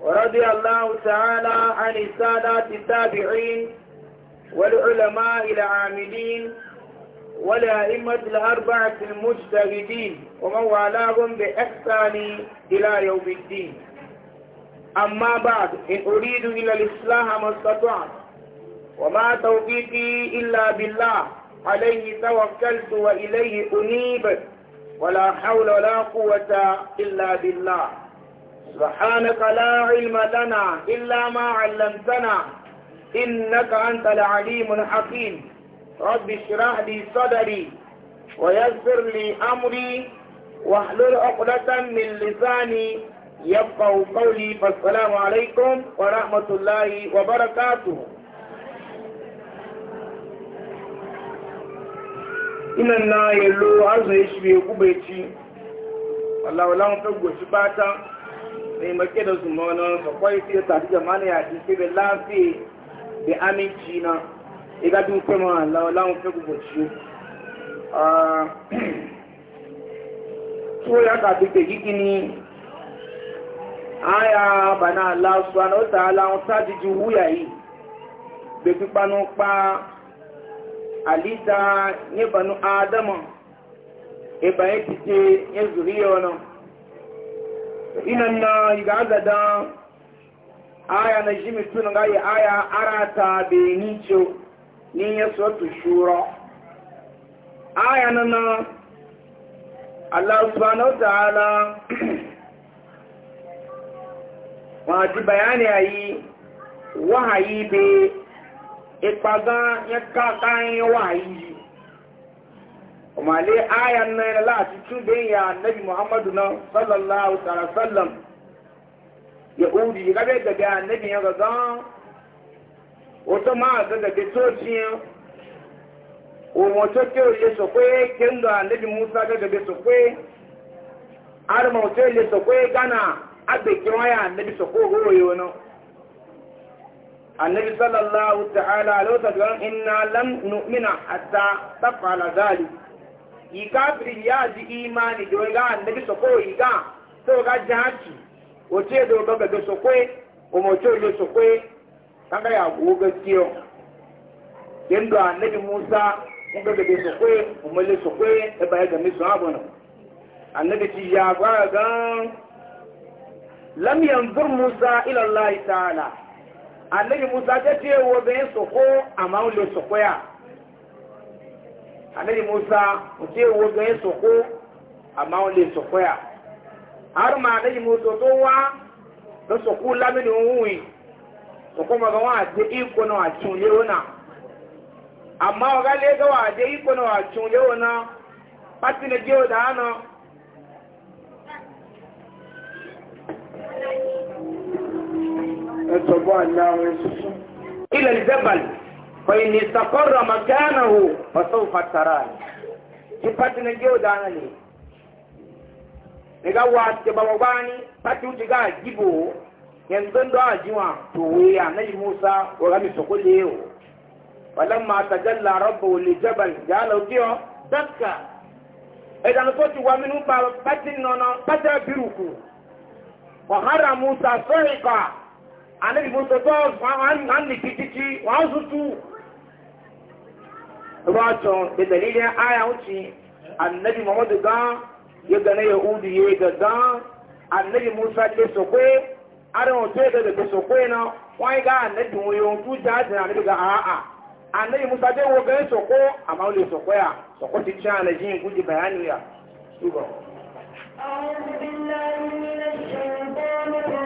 ورضي الله تعالى عن السادات التابعين والعلماء العاملين والأئمة الأربعة المجتهدين ومن والاهم بإحسان إلى يوم الدين أما بعد إن أريد إلى الإصلاح ما استطعت وما توفيقي إلا بالله عليه توكلت وإليه أنيب ولا حول ولا قوة إلا بالله سبحانك لا علم لنا إلا ما علمتنا إنك أنت العليم الحكيم رب اشرح لي صدري ويسر لي أمري واحلل عقدة من لساني يبقى قولي فالسلام عليكم ورحمة الله وبركاته إن الله يلو عز يشبه قبتي الله echi نفقه سباتا sai make da su mana da kwai sai ta ji jama'ana ya ji sai lafi da aminci na iga dun kuma lawan fi gubuci a so ya ka duke gikini aya bana Allah subhanahu wa ta'ala on ta ji ji wuya yi be pipanu ah, oh, pa alita ni banu adama e ba e ti je e zuriyo na inan na iga agada aya na shi na ga yi aya arata benin ce ni ya otu shura aya na na Allah subhanahu wa ta'ala wàtí bayani ayi wahayi be ipaga ya kaka yin wahayi umale ayan na la ti tube ya nabi muhammadu na sallallahu alaihi ya udi ga be ga nabi ya ga oto ma ga ga o mo to ke o nabi musa ga ga be so pe ar mo to ya so pe gana abe ki nabi annabi sallallahu ta'ala ikafiri ya ji imani da wani gawa da soko iga ga jahaci wace da ga ga sokwe umarci da sokwe kan ga yago gaskiyo yadda annabi musa kun ga ga sokwe umarci ya ga misu abu nan annabi ya lam musa musa annabi musa mutu ya wo ganin soko amma le soko ya har ma annabi musa to wa da lamini wuwi soko ma ga wa je ịkọ na wa cunle wana amma wa gale ga wa je ịkọ na wa cunle na pati na jewa da ana ilẹ̀ فإن استقر مكانه فسوف تراني kipati na geo danani daga wace bababani pati wuce ga gibo yanzu ndo a jiwa to wuya na yi musa wa gami su kulle yau walan ma ta jalla rabbu li jabal ya laukiyo dakka idan so ti wa minu ba pati nono pati biruku wa hara musa sahika anabi musa to wa an ni kitiki wa sutu wato da dalilin aya wuce annabi muhammadu ga ya gane yahudu ya ga ga annabi musa ke sokwe arin wato ya daga sokwe na wani ga annabi mu yawon tuta hajji annabi ga a'a annabi musa dai wo gani soko amma wani soko ya soko ti ci ala jin guji bayani ya. Tuba. أعوذ بالله من الشيطان الرجيم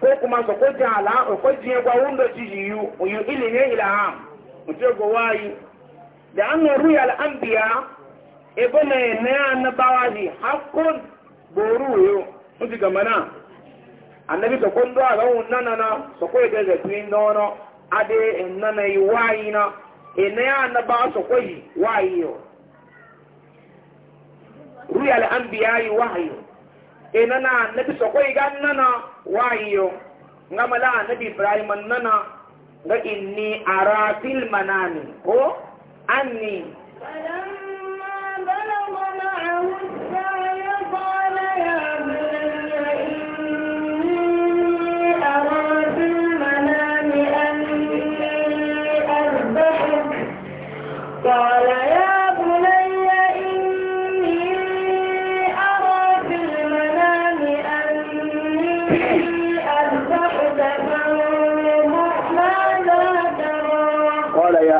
ko kuma su ko jala ko jiye kwa wundo ci yu yu ili ne ila ha mutu go wayi da an ruya al anbiya ibn ne annabawa ji hakkun boru yo mutu ga mana annabi to kon do ga nana na so ko de ga twin no no ade nana yi wayi na ene annabawa so ko yi wayi yo ruya al anbiya yi wayi enana annabi so ko ga nana wayo nga mala annabi ibrahim nana ga inni ara fil manami ko anni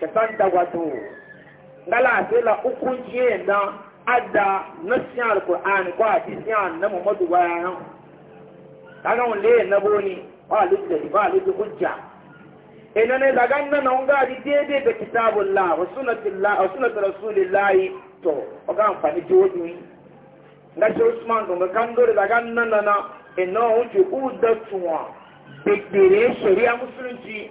kasan da wato ngala sai la hukunci na adda na siyan alkur'ani ko a siyan na muhammadu bayanan kaga wani le na boni ba lujja ba lujja hujja ina ne daga nan na unga di daidai da kitabullah wa sunnatillah wa sunnat rasulillah to o ga amfani jodi nga shi usman don ga kan dole daga nan na ina hunci udatuwa bekere shari'a musulunci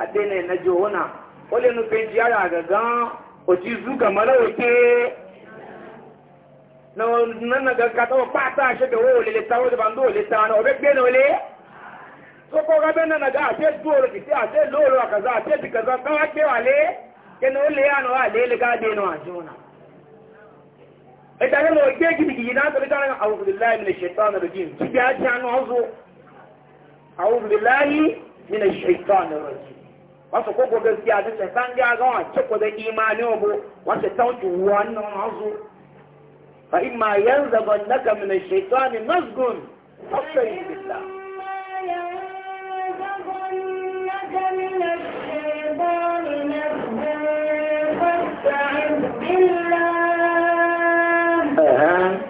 adene na jona ole nu peji ara gaga oji zuga mara oke na nan ga ka to pata she de wo le ta wo de bando le ta na obe gbe no le so ko ga bena na ga te duoro ki te ate loro ka za te bi ka za ka wa ke wale ke no le ya no ale le ga de no ajona e da le mo ge gi gi na to le ga na a'udhu billahi minash shaitanir rajim ti bi a ti anu ozo a'udhu billahi minash shaitanir rajim wasu koko gaskiya da ce san ga ga wace da imani obo wace tauki wannan hazu fa imma yanzaghannaka min shaitani shaytani nazghun billah Uh-huh.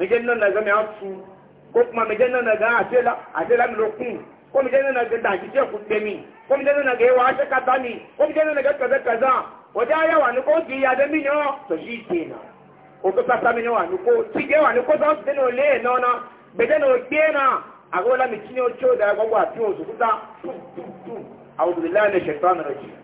mege nan na ga mi atu ko kuma mege nan na ga atela atela mi lokun ko mege nan na ga da ki ce ku pe mi ko mege nan na ga wa kaza mi ko mege nan na ga kaza kaza wajen ya wa ni ko ki ya da mi yo to ji na o ko pasa mi wa ni ko ti ge wa ni ko so de no le no na bege no gbe na agola mi ti ni o cho da gbogbo ati o su kuta a'udhu billahi minash shaitanir rajim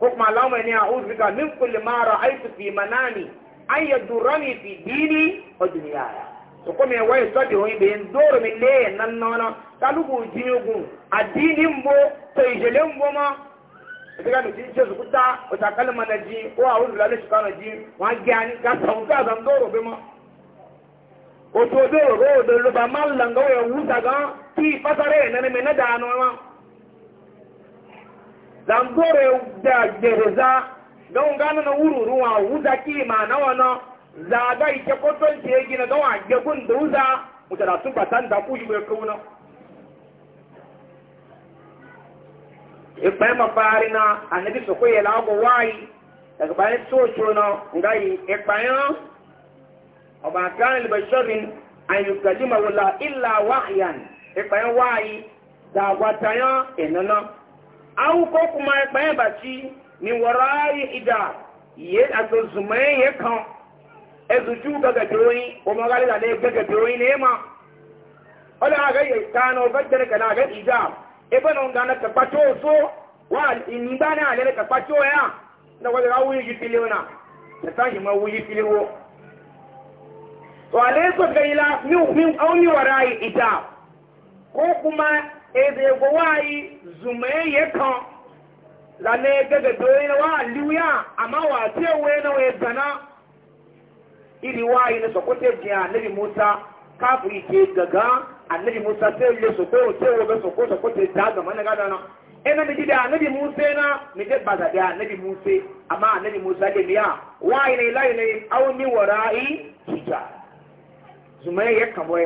ko kuma lawo ne a'udhu bika min kulli ma ra'aytu fi manami an durani fi dini wa dunyaya su kuma ya waye sadi hoyi be en doro mi le nan nona talugu jinugu adini mbo to ijele mbo ma daga mi tin ce su kuta o ta kalma na ji ko a wuri lalle shika na ji wa gani ga sau ta zan doro be ma o ya wuta ga ti na me na da ma na na zaga ike kwaton ce ya gina gawa gagun da wuza mutu da sun batan da kuyi mai kauna ipai mafari na annabi su kwaye lagu wayi daga bayan soso na ngayi ipayan ọba kan albasharin an yi kalima wula illa wahyan ipayan wayi da agwatayan inana an ko kuma ipayan baci ni warayi ida ye a zuzumai ya kan ezuju gagadoyi o magari da ne gagadoyi ne ma ola ga yi kano gaddar kana ga ija ebe non ga na ka pato so wa ni ba na ale ka pato ya na wala wuyi ji filiona na ta ma wuyi filiwo to ale so ga ila mi mi au mi warai ita ko kuma e go wai zume ye kan la ne gagadoyi wa liuya amma wa tewe na we zana iri wayi na sokote jiya annabi musa kafiri ke gaga annabi musa sai le soko sai wo soko sokote da ga mana gada na ina da gida annabi musa na mi da baza da annabi musa amma annabi musa da miya wayi ne layi ne au ni wara'i hija zumai ya kamo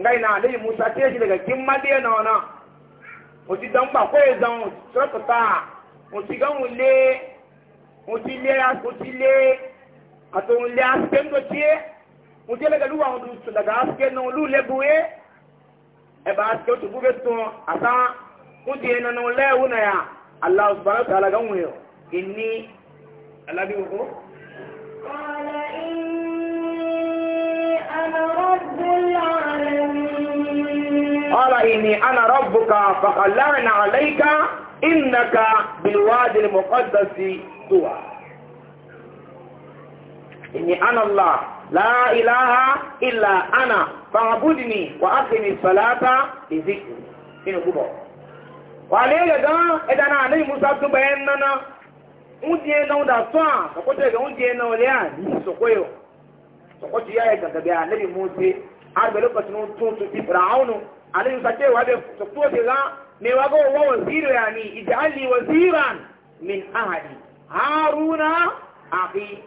ngai na annabi musa sai shi daga kin kato wuli aske ndo tie wuli lega luwa wuli su daga aske no lu lebuye e ba aske tu bube su ata wuli ena no le wuna ya Allah subhanahu wa ta'ala gan wuyo inni alabi wuko qala inni ana rabbul alamin qala inni ana rabbuka fa qallana alayka innaka bil wadi al muqaddas tuwa inni ana Allah la ilaha illa ana fa'budni wa aqimi salata li dhikri inu kubo wale ga ga edana ne musa tu bayan nana unje na da twa ko te ga unje na ole a ni so koyo so ko ti ya ga ga ga ne musa a ga lokacin tun tu bi fir'aunu alayhi sake wa be so to te ga ne wa go wa waziru yani ij'alni waziran min ahadi haruna akhi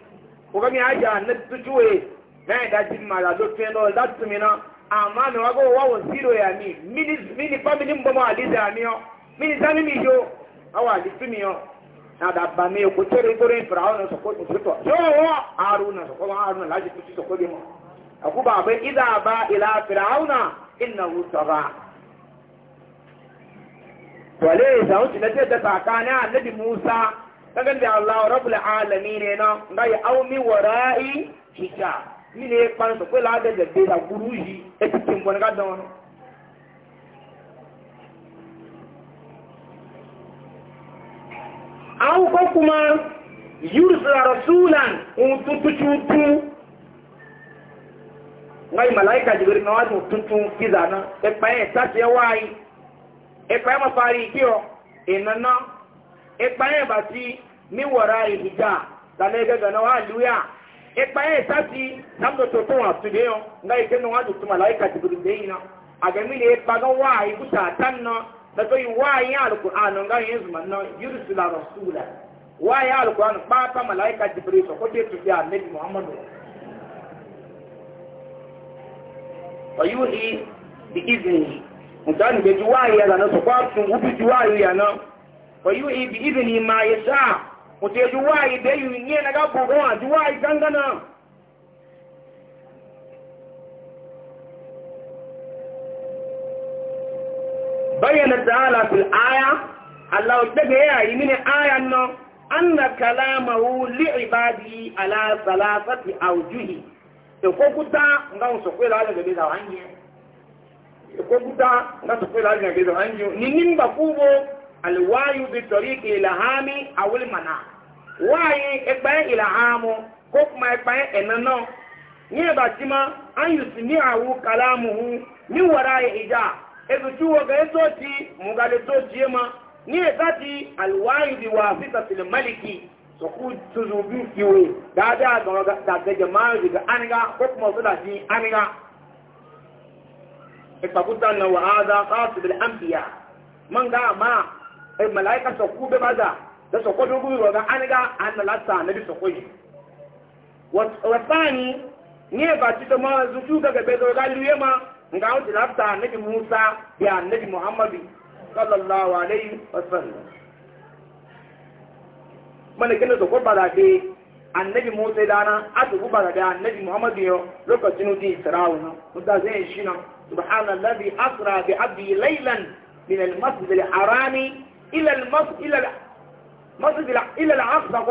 kokami aja na tutuwe na ya daji mara do teno da tumina amma me wago wawo zero ya mi mini mini family mbomo aliza ya miyo mini sami mi yo awa litumi yo na da ba mi ko tere gore farawo na sokko tuto yo aruna sokko aruna laji tutu sokko dimo akuba ba idha ba ila firauna innahu tagha wale za wuce na ce da Musa kagan da Allah rabbul alamin na ngai au mi warai mi ne pan so ko la de de da guru yi e ti tin bon ga don au ko kuma yursa rasulan na watu tuntu kizana e ma ekpanye bati mi wara ihija dana ege gana wa luya ekpanye sati samdo toto wa studio nga ike no wadu tuma laika jibril deina agami ne ekpaga wa ikuta to yi wa yi alqur'an nga yin zuma no yursila rasula wa yi alqur'an ba ta malaika jibril ya wayu ibi ibini ma ya sa mutu ya duwa yi da yi ne na gafo kuma duwa yi gangana bayyana ta ala fi aya Allah daga ya yi mini aya no an na kalama hu li ibadi ala salafati a wujuhi da kokuta nga wasu kwe da alaga bezawa hanyar kokuta nga wasu kwe da alaga bezawa hanyar ninin ba kubo alwayu bi tariqi ilhami awil mana wayi egba ilhamu ko kuma egba enano ni ba tima an yusmi awu kalamuhu ni warai ija ezu tuwo ga soti mugale soti ma ni ezati alwayu bi wafiqatil maliki so ku tuzubi kiwe da da ga da ga jama'a daga aniga ko kuma su da shi aniga ifakutan wa hadha qasid al anbiya man ga ma e malaika sokku be maza da sokko do guru ga an ga an la sa nabi sokko yi wa tsani ne ba ci da ma zuju ga be do ga liye ma nga wuce la sa nabi Musa ya nabi Muhammadu sallallahu alaihi wasallam mana kene sokko bada de annabi Musa dana atubu bada de annabi Muhammadu yo lokacin di Isra'u na da zai shi na subhanallazi asra bi abdi laylan من المسجد الحرام إلى المص إلى المصد إلى العقبة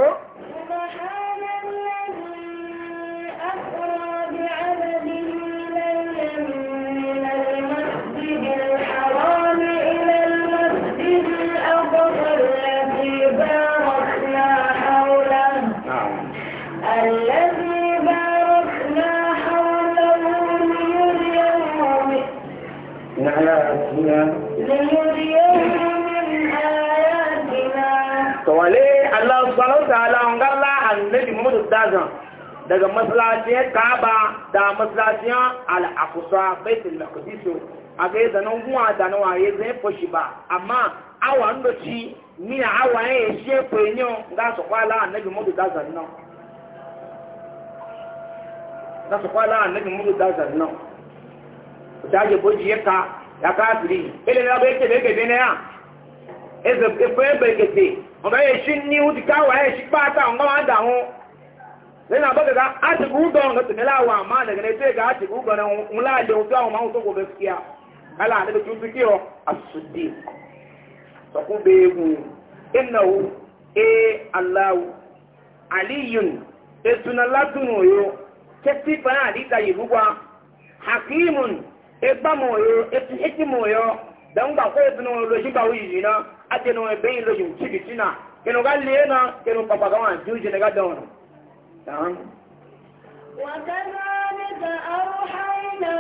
سبحان الذي من المسجد الحرام إلى المسجد الأقصى الذي باركنا حوله نعم باركنا حوله نعم wale Allah ta'ala on galla annabi Muhammad dazan daga masallacin Kaaba da masallacin Al-Aqsa Baitul Maqdis a ga yadda nan kuma da nawa amma awa ndo awa ya she penyo ga so kwala annabi Muhammad dazan nan ga so kwala annabi dazan boji yaka ya kafiri ele na ba yake da yake bene ya eze efe bekete ọ̀bẹ̀ yẹ ṣí ní ó ti káwà ẹ̀ ṣí pátá ọ̀gá máa dà wọn lẹ́yìn àbọ̀dẹ̀ ká àtìkú gbọ̀n ọ̀gá tèmi láwọ̀ àmà àdẹ̀gẹ̀ ní ẹ̀ṣẹ́ ká àtìkú gbọ̀n ń láàjẹ̀ ojú àwọn máa ń sọ́kò bẹ́ẹ̀ kíá a àdẹ̀gẹ̀ tó ti kí ọ àṣùdì sọ̀kú bẹ́ẹ̀gù ìnáwó ẹ aláwọ̀ àlíyùn ètùnà látùnú yó kẹ́tí fún àdìta yìí gbogbo hakimun ẹgbàmọ̀ yó ètùnà ade no ebe ilo yu chibi tina kenu ga le na kenu papa ga wan juji ne ga don tan wa kadhalika awhayna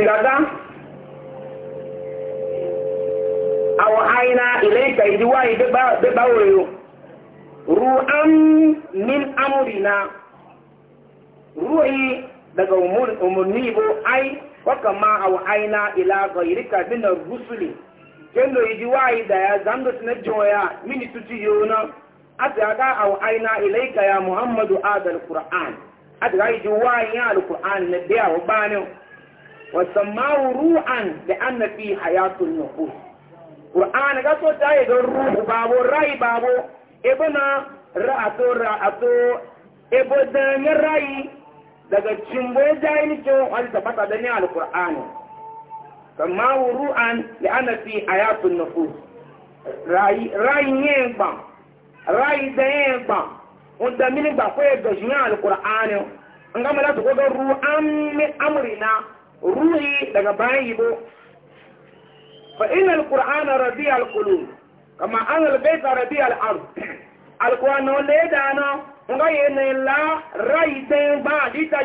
shirata àwọn àìná ilẹ̀ ìkà ìdíwá ìdẹ́gbàwò rẹ̀ ru'an min amurina ru'i daga umarni ibo ai waka ma àwọn àìná ilẹ̀ àgbà ìríkà bínà rusuli kendo ìdíwá ìdà ya zando sinajin waya mini tutu yóò náà ati aga aw aina ilayka ya muhammadu adal qur'an ati ga yi juwa ya alquran ne wasammahu ru'an da anna fi hayatul nufus qur'an ga so ta yi don ruhu babo rai babo ibna ra'ato ra'ato ebo dan rai daga cimbo yi ce wani tabbata da ni alqur'an sammahu ru'an da anna fi hayatul nufus rai rai yen ba rai da yen ba on da mini ba ko e do jina alqur'an ngam la to ko ru'an mi amrina ruhi daga bayan yibo fa kama an al le nga la rai ba dita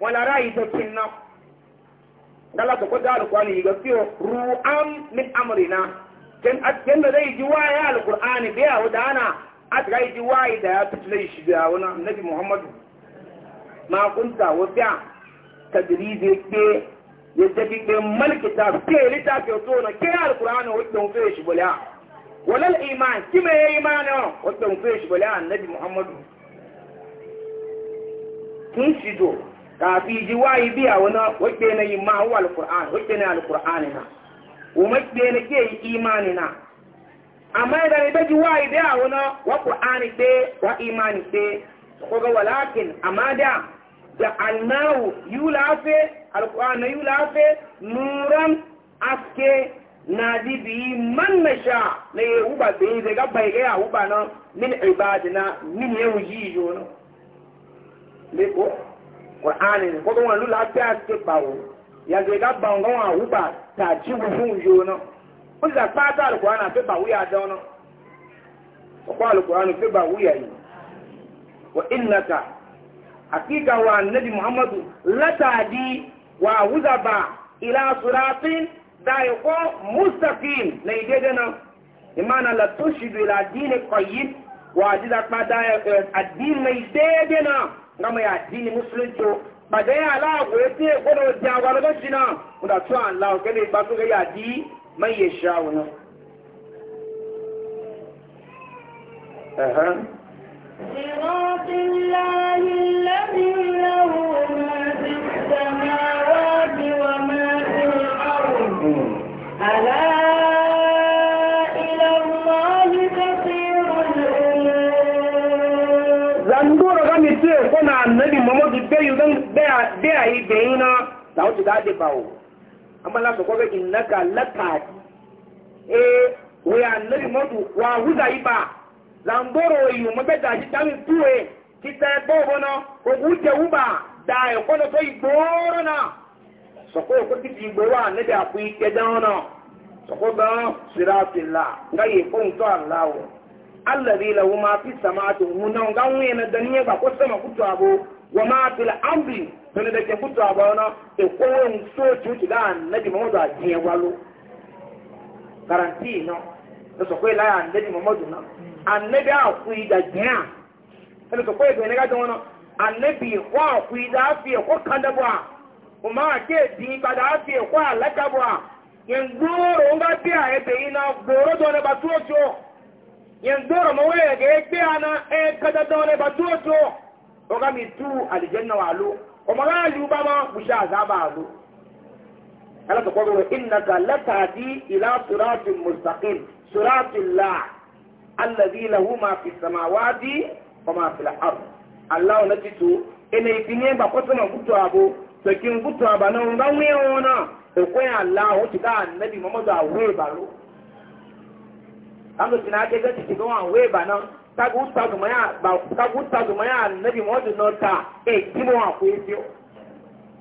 wala rai dala da alqur'an yi gafiyo min ken da yi jiwaya alqur'an biya wadana yi da ya tutule shi da tajiridi ke ya tafi ke malkita ke littafi to na ke alkur'ani wadda mu fiye shi bala walal iman mai ya imani wadda mu fiye shi bala annabi muhammadu kun shi do kafi ji wayi biya wani wadda na yi ma'u alkur'ani wadda na alkur'ani na kuma ke na ke yi imani na amma idan ita ji wayi biya wani wa qur'ani ɗe wa imani ɗe ko ga walakin amma da ja'alnahu yulafe alqur'ana yulafe nuran aske na dibi man nasha na ye uba be de ga bai ga uba na min ibadina min ye wuji yo no le ko qur'ani ko don lu hakika wa annabi muhammadu latadi wa wuzaba ila suratin da ya ko mustaqim na idede na imana la tushidu ila dini qayyim wa jida pa da eh, addini na idede na ngama ya addini musulunci pàdé aláàgò etí ìkọ́nà òdì àwọn alọ́gọ́sí náà mo dà tún àlà òkèlè ìgbàsókè yà dí mẹ́yẹ̀ ṣe Za n'oge naanị, naanị ihe ndawụ na mawa diwa maa si na mawa ndu. Ala ilhomọli nta si n'olulima. na misiri o ko na nọbi yi biɛ na ụtụtụ a dịbịa Amala sọ fọrọ ịnaka, laka ee o ya nọbi mọtọ, o ya lamboro yi mo bɛ daa kita mi tue kita bo bono o bu je uba daa e kono to igboro na so ko ko ti igbo wa ne da ku ike da ono so ko ga siratilla ga yi ko to allah o alladhi lahu ma fi samawati wa na ga wi na daniye ba ko sama ku to abo wa ma fil amri to ne da ke ku to abo na e ko won so ti ti da annabi mo da je walo garanti no so ko ila annabi mo mo na annabi akwai da gina sai ka ga wani annabi kwa akwai da afi ko kanda buwa kuma ke di ba da afi ko alaka ba yan doro nga a ya bayi na goro dole ba tuwo yan ma ga ya na e kada dole ba tuwo tuwo o ga mi tu aljanna wa ma ga ba ma ila mustaqim la allazi lahu ma fi samawati wa ma fil ard allah na titu ene itinye ba ko sama gutu abo to kin gutu aba na nga we ona o ko ya allah o ti annabi muhammadu awe ba lo kando tina ke ga ti awe na ka gu ta ba ka ta ga muhammadu no ta e ti mo wa ko ti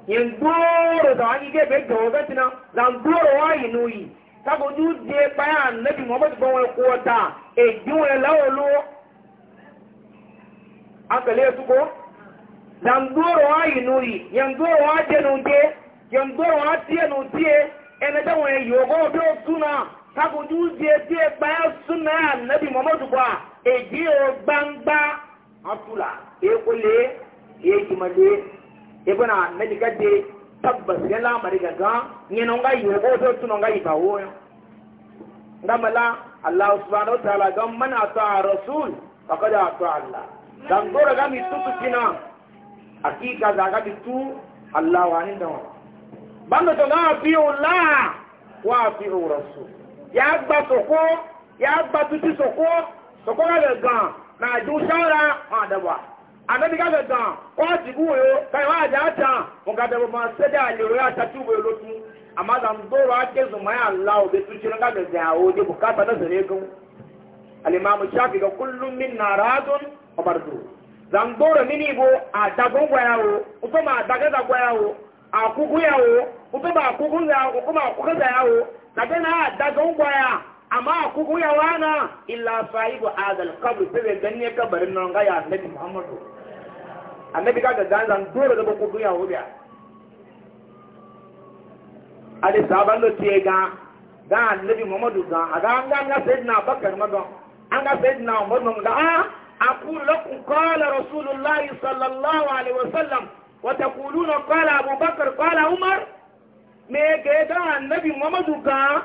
yin duro da wani ge be ga duro wa yi kago du de baya nabi muhammad ban wani kota e ji wani lawolo aka le su ko zandoro wa yi nuri yandoro wa je nu je yandoro wa tie nu tie ene da wani yogo bi suna kago du de de baya suna nabi muhammad ba e gbangba atula e ko le e ji de tabbas ga lamari ga ga ne non ga yi ko to tun ga yi ba wo ya ngamala Allah subhanahu wa ta'ala ga man ata rasul faqad ata Allah dan gora ga mi tutu kina hakika za ga bitu Allah wa ni don bando to ga fi Allah wa fi rasul ya gba soko ya gba tutu soko soko ga ga na ju shawara ma da ba annabi ga gaga kwaji buyo kai wa da ta mun ga da ba sai da le wa ta tu buyo lotu amma dan doro ake zuma ya Allah be tu jira ga da yawo de bukata da zare gun al imam shafi ga kullum minna radun wa bardu dan doro mini bo a dagun gwayawo uto ma daga ya gwayawo a kugu yawo uto ba kugu yawo kuma kugu yawo daga na dagun gwaya أما كوكو يا وانا إلا صاحب هذا القبر في الدنيا كبر إنه غاية النبي محمد النبي قال جان زان دور ده بكوكو يا وبيا أدي سابان لو تيجا جان النبي محمد جان أجان جان يا سيدنا بكر ما جان أنا سيدنا عمر ما جان أقول لكم قال رسول الله صلى الله عليه وسلم وتقولون قال أبو بكر قال عمر ما جان النبي محمد جان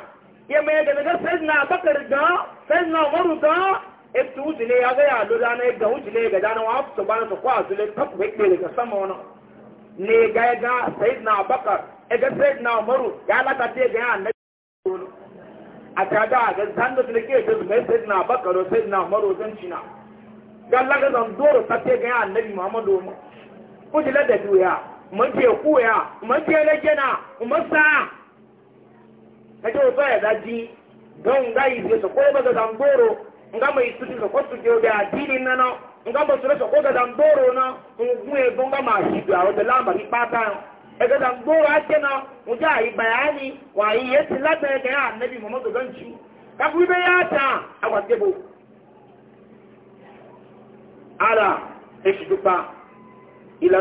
ya mai da daga sai na bakar ga sai na umaru ga ita wujile ya ga yalo da na yadda wujile ga dana wa su ba su kwa zule le kafu hekle daga sama wani ne ga ya ga sai na bakar ga sai na umaru ya laka te ga ya annabi a kada ga zan da ke da mai sai na bakar sai na umaru zan cina ga laga zan doro ta te ga ya annabi muhammadu wujile da duya mun ke kuya mun ke na gena mun sa na o tsaya da ji don ga yi so ko ba ga zamboro nga mai su so ko su na no nga ba su so ko ga zamboro ngun e ga ma o ni pata e ga zamboro ake na mu ja yi bayani wa yi yesi labe ga annabi muhammadu ganci ka ku be ya ta agwa ala e ila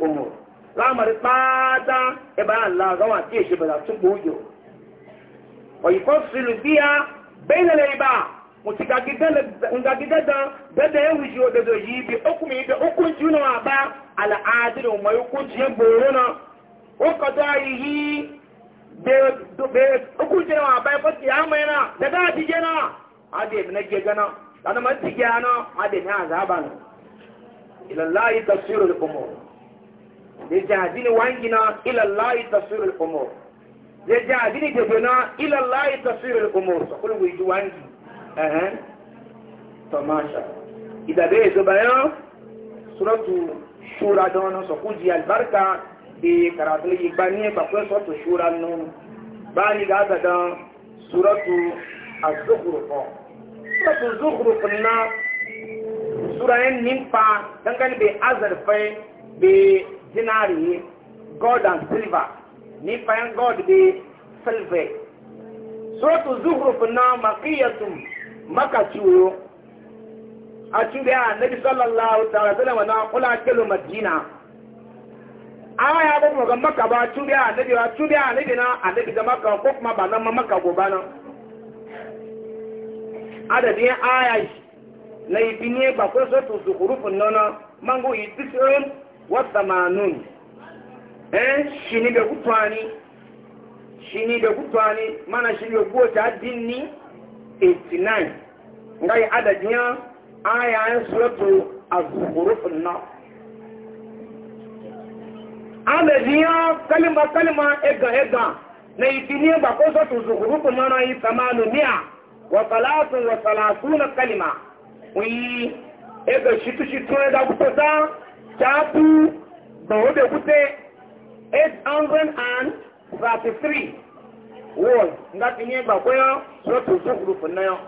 umur pata e ba allah ga wa ti e ويفصل بها بين العباد mutagagidadan dada ya o, wa daga yi bi hukumi da hukunci na ba al'adil mai hukunci ya boro na ko da yi da hukunci na ba ya fasi ya na na na na wangina umur ya ji abini gebe na ilallahi tasirin umar sakul wuji wangi ehen tamasha idabe ya zuba yau suratu shura da wani sakuji albarka da karatun igba ni bakwai sautu shura nun bani ga aga da suratu a zuhurufo suratu zuhurufo na surayen nimfa dangane bai azarfai bai dinariye gold and silver ni payan god be salve suratu zuhruf na maqiyatum Maka achude a nabi sallallahu ta'ala sallam na kula kelo madina aya ba mu ga makka ba achude a nabi achude a nabi na a ah, nabi da makka ko kuma ba nan makka go bana adadin aya na ibini ba ko suratu na nona mango yitisirun wa thamanun eh shini be kutwani shini be kutwani mana shini be kuota dinni 89 ngai adadin ya aya ya suratu az-zukhruf na adadin ya kalima kalima ega ega na itini ba ko suratu zukhruf mana yi samanu mi'a wa salatun wa salatuna kalima wi ega shitu shitu da kutata chapu ba wode kutai 833 word nga tinye bakwayo ụlọ zuhrufu na yau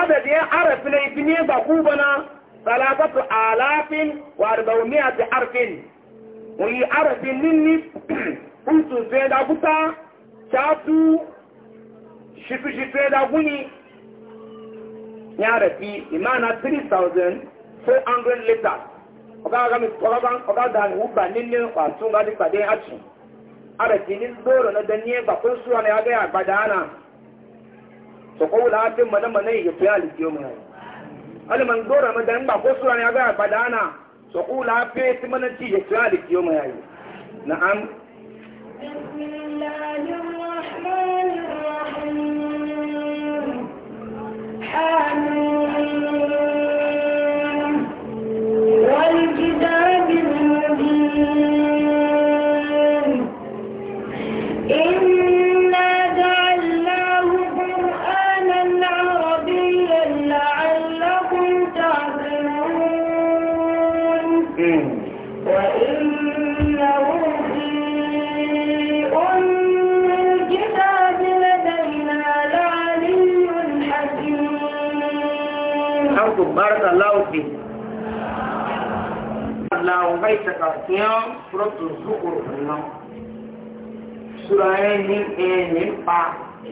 adadin arafin ibini dị bana salatatu alafin wa arbauniya ta arfin wani arafin ninni kuntu zai da guta shatu shifi-shifi da guni ya rafi imana 3,400 letters ọba agami tọrọba ọba dani wuba nínú wàtú nga di pàdé àtù abẹ̀tì ní dóòrò náà dání ẹgbà na sùwà ní abẹ́ àgbàdá àná sọkọ́ wùlá mọ̀nàmọ̀nà yìí àlùjọ mọ̀ ẹ̀ ọlọ́mọ ní dóòrò na dání ẹgbà kó ní abẹ́ àgbàdá àná sọkọ́ wùlá abẹ́ mọ̀nà tí àlùjọ mọ̀ Amin. bárẹ́kà láòkè láwọn bá ìtàkà kí wọ́n fúrọ́tò zúkúrò náà sura yẹn ní ẹ̀yẹn nípa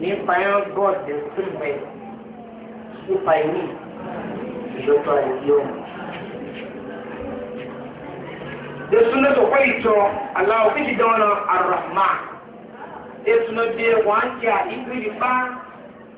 nípa yẹn gọ́ọ̀dẹ̀ sílẹ̀ nípa ìní ìṣòtò àìyí ọmọ. Dẹ̀sùnà tó kọ́ ìtọ́ aláwọ̀ kìí dánwọ́n arahman. Dẹ̀sùnà bí wọ́n ń jà ìgbìrì bá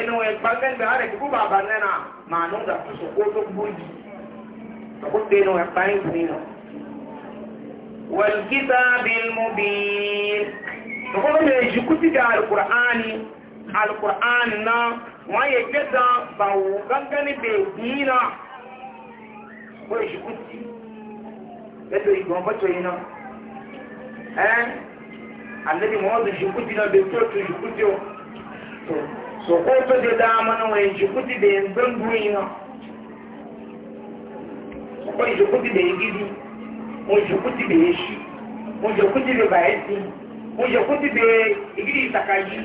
inu ekpangan bɛ hali kuku baba nɛna maa nu da tusu ko to buji ko tenu ekpangan zinu والكتاب المبين نقول له يجكوتي ده القرآن القرآن نا ما يكتا باوغان كان بيدينا ويجكوتي بده يقوم بتوينا ها الذي موضوع يجكوتي نا بيتوتو يجكوتيو so ko to da dama na wai ji kudi da yanzu buri na ko ji kudi da yi ji shi ko ji ti ko ji sakaji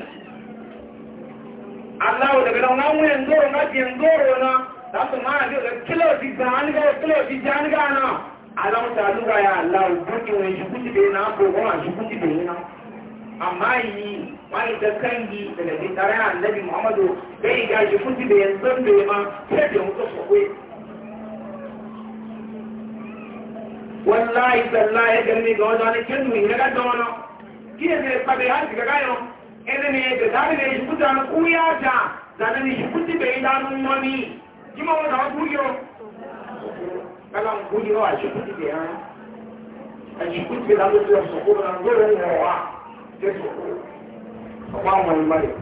Allah da ga nan mu na na da ma kilo di zan ga kilo di na Allah ta ya Allah ji na ko ko ji na wani da kangi daga jin tare annabi muhammadu bai ga shi kuti da yanzu da ma sai da mutu su wallahi sallahi ya gani ga wani wani kin mun ga da wani kiyar da fa bai har ga gayo ene ne da da ne shi kuti an kuya ta da ne shi kuti bai da mun mami kima wani da kuyo kala kuyo a shi kuti bai a shi kuti da mun su ko ran gore ne wa sai ọ̀pọ̀ àwọn ọmọ rẹ̀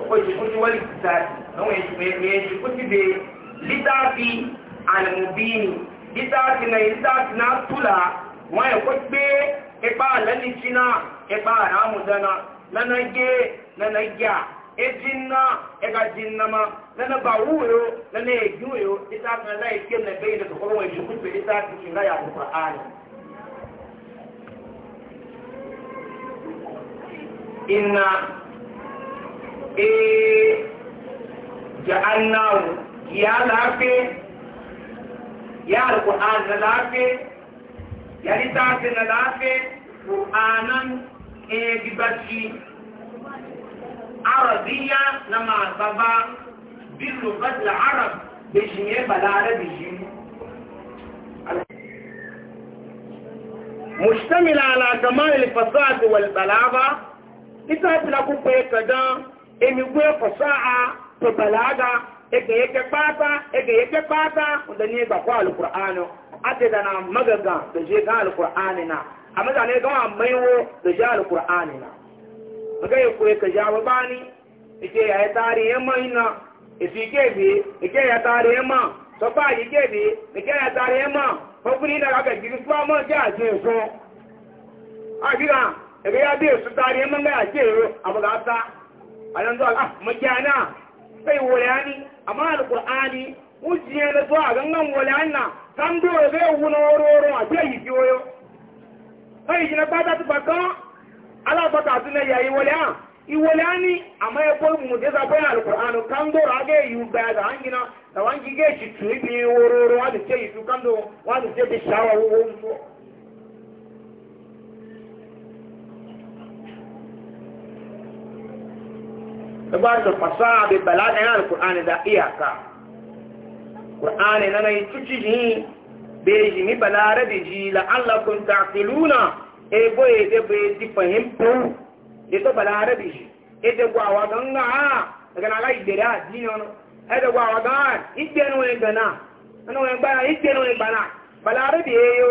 ọ̀pọ̀ ìṣòkò tí wọ́n lè ta àwọn ìṣòkò tí bẹ lítàfi àlùmọ̀bíìnì lítàfi náà lítàfi náà túlà wọ́n ẹ̀kọ́ gbé ipa àlẹ́ni china ipa àrámùdánà nana gé nana gíà ejinna ẹka jinna ma nana bawuyo nana ejuyo lítàfi náà láì ké nàgbẹ́yìn lọ́kọ́ wọ́n ìṣòkò tí bẹ lítàfi ṣùgbọ́n yà إن إيه جعلناه يا لافي يا القرآن لافي يا لتاس لافي قرآنا إيه ببجي عربية نما بابا باللغة العرب بجنيه بلالة بجنيه مشتمل على كمال الفساد والبلاغة ita bila ku pe kada emi gwe fasaha to balaga eke yake pata eke yake pata da ne ba ku alqur'ani ate da na magaga da je ga alqur'ani na amma da ne ga maiwo da je alqur'ani na maga ya ku ka jawo bani ike ya tarihi mai na ike bi ike ya tarihi ma to ba ike bi ike ya tarihi ma ko kuni da ga gidi fama ja je so a gida ebe ya dai su tare mun ga ake yi abu ga ta a nan zuwa ah magana sai wulani amma alqur'ani ujiye na zuwa gangan wulani na san do zai wuna wororo a ce yi kiyoyo sai jina bata ta baka ala bata tun ya yi wulani iwulani amma ya koyi mu da zaɓen alqur'ani kan do rage yi ba da hangina da wangi ge shi tuni bi wororo wa ce yi su kan do wa ce bi shawawo wo ibadun fasaha bai balaga yana alkur'ani da iyaka kur'ani na na yi tuci ji bai ji ni balare da ji la'allakun ta'filuna e boye da bai ji fahimta ita balare da ji ita gwawa ganga ha daga na ga igbere a ji yana ita gwawa ganga ha igbere wani gana wani wani gbana igbere wani gbana balare da yayo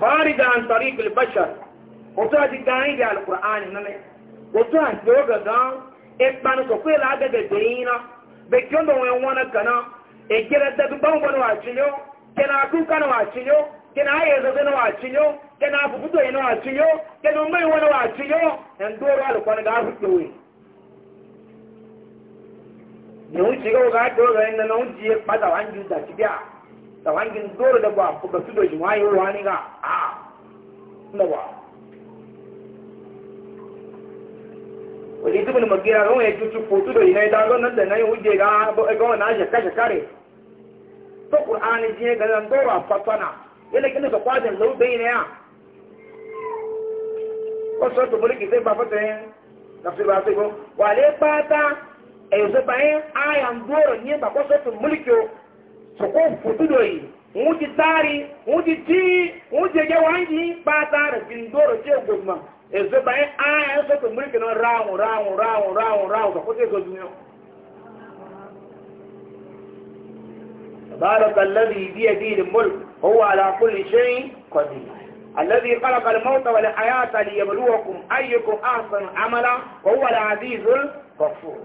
farida an tariq al bashar oto ati gan ide al qur'an nane oto an yoga gan e pan so pe la de deina be kyondo wen wana kana e kira da du ban wana wachinyo kena ku kana wachinyo kena aye zo kana wachinyo kena afufuto ina wachinyo da wangin dole da ba ku su da jima'i wani ga a na ba wani zubin magiya ran wani cutu fotu da ina da nan da nan yi hujje ga ga wani ashe kashe kare to qur'ani je ga nan dora fatana yana da ka kwadin laubai ne ya wasu to mulki sai ba fata yin nafsi ba sai ko wale fata e sai bayan ayan doro ne ba ko sai mulki fukufu tudoi uji tari uji ti uji ge wangi batar bindoro je gogma ezo ba a ezo to mri kino rawo rawo rawo rawo rawo ko te zo dunyo بارك الذي بيده الملك هو على كل شيء قدير الذي خلق الموت والحياة ليبلوكم أيكم أحسن عملا وهو العزيز الغفور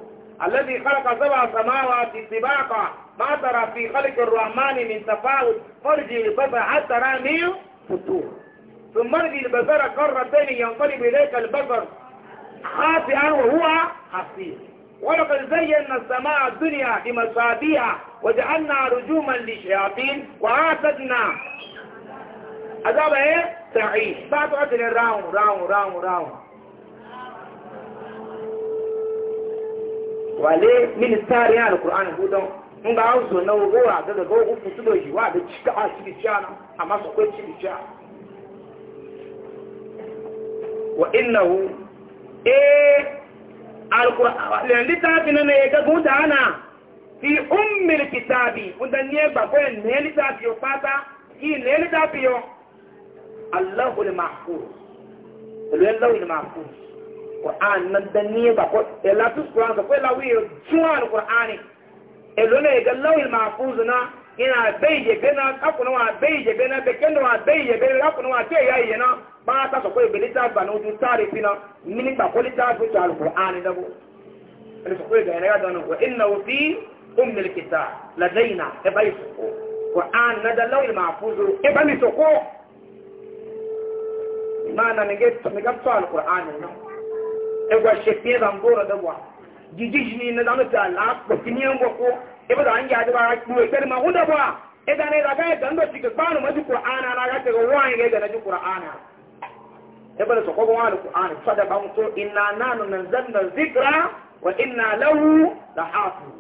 الذي خلق سبع سماوات سباقا ما ترى في خلق الرحمن من تفاوت فرج البصر حتى رامي فتور ثم ارجع البصر كرتين ينقلب اليك البصر خاطئا وهو حصير ولقد زينا السماء الدنيا بمصابيها وجعلنا رجوما للشياطين وعاتدنا عذاب ايه تعيش بعد قتل الراون راون راون راون وليه من الساري يعني على القرآن هو in ba an zo na gowa ga daga uku su da wa da cika a cikin ciya nan amma su kwai cikin ciya wa innahu eh alqur'an littafin na ya gagu guda ana fi ummil kitabi wanda ne ba ko ne littafi yo fata yi ne littafi yo allahul mahfuz e allahul mahfuz nan da ne ba e elona ya gallawul mahfuz na ina bai je bena kakuna wa bai je bena beken da wa bai je bena kakuna wa ce yayi yana ba ta so ko ibili ta ba no ju tare fina mini ta ko lita fi ta alqur'ani da bu ne so ko ga ya da no wa innahu fi umm alkitab ladaina e bai so qur'an na da lawul mahfuz e bai so ko mana ne ge to ne ga to alqur'ani no e gwa shepe da ngoro da jijiji na zanu ta na kwakiniyan gwakwo ibi da an yi adiba kuwa kyar ma huda ba idan ne da kai dan da shi ka kwano maji qur'ana na ga ta ga wani ga ga na ji qur'ana ibi da sokon wani qur'ana sadaka mu to inna nanu nanzalna dhikra wa inna lahu lahafiz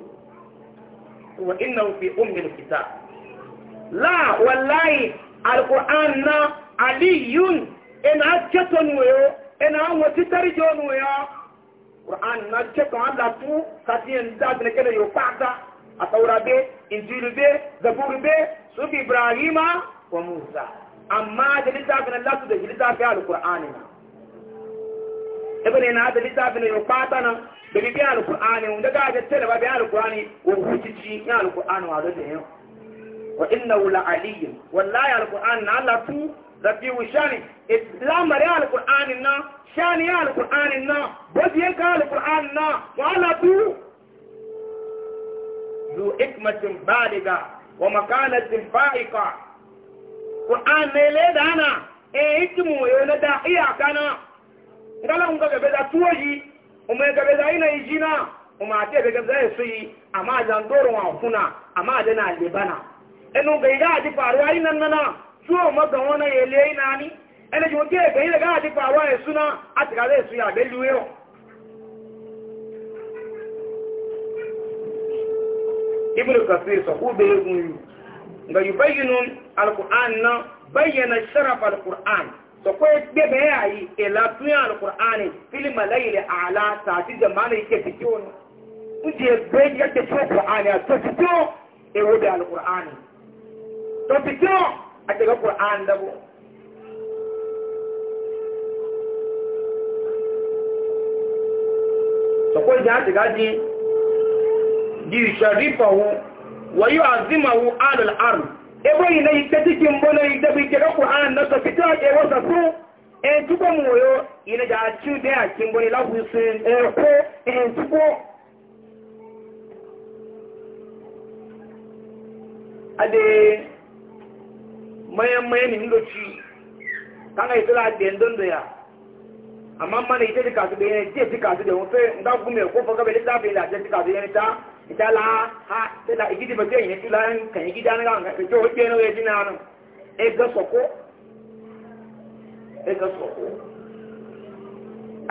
wa innahu fi ummil kitab la wallahi alquran na aliyun ina keton wayo ina wata tarjon wayo Qur'an na ce kan Allah tu ka tiyan da ne kada yo fata a taura be injil be zabur be su bi ibrahima wa musa amma da littafin Allah su da littafin al-Qur'ani na ibn na da littafin yo fata na da bi al-Qur'ani wanda ga ga tare ba bi al-Qur'ani wa hucici ya al-Qur'ani wa da yau wa innahu la aliyyun wallahi al-Qur'an na Allah tu rabiu shani lamari alkur'anin na shani ya alkur'anin na bodiyan ka alkur'anin na wala tu zu ikmatin baliga wa makanatin fa'ika qur'an ne le dana e ikimu yau na da'iya kana ngala ga gabe da kuma ya gabe da na ijina a ce be gabe su yi amma zandoro wa kuna amma dana libana enu ga a ji faruwa nan nana tuwo maka wọn ya ele ina ni ẹni tí ẹgbẹ̀ yìí lẹ́gbẹ̀ àti pàwọ́ ẹ̀sùn náà àti kàlẹ́ ẹ̀sùn yà bẹ́ ẹ̀rọ ibùdó kàfí sọ̀kú na tún alukur'an al màláyìí lẹ́ àlá tààtì jẹ̀mánà yìí tí ó nù ń jẹ́ bẹ́ẹ̀ yẹ́ tí ó ewu tí a daga ƙur'an dabo sakwai da hati gaji di sharifahu wa yi azimahu alal arm ebe yi na yi ta cikin bane yi da bike ga ƙur'an na safita ke wasa su e tukwa moyo ina da ci da yakin bane lahusin e ko e tukwa ade mayan mayan indoci tana ita la dendon da ya amma mana ita ji kasu da yana je ji kasu da wafe nga gume ko fa gabe da bai la je ji kasu ta ita la ha ta la igidi ba je yana kan ka to e ga soko e ga soko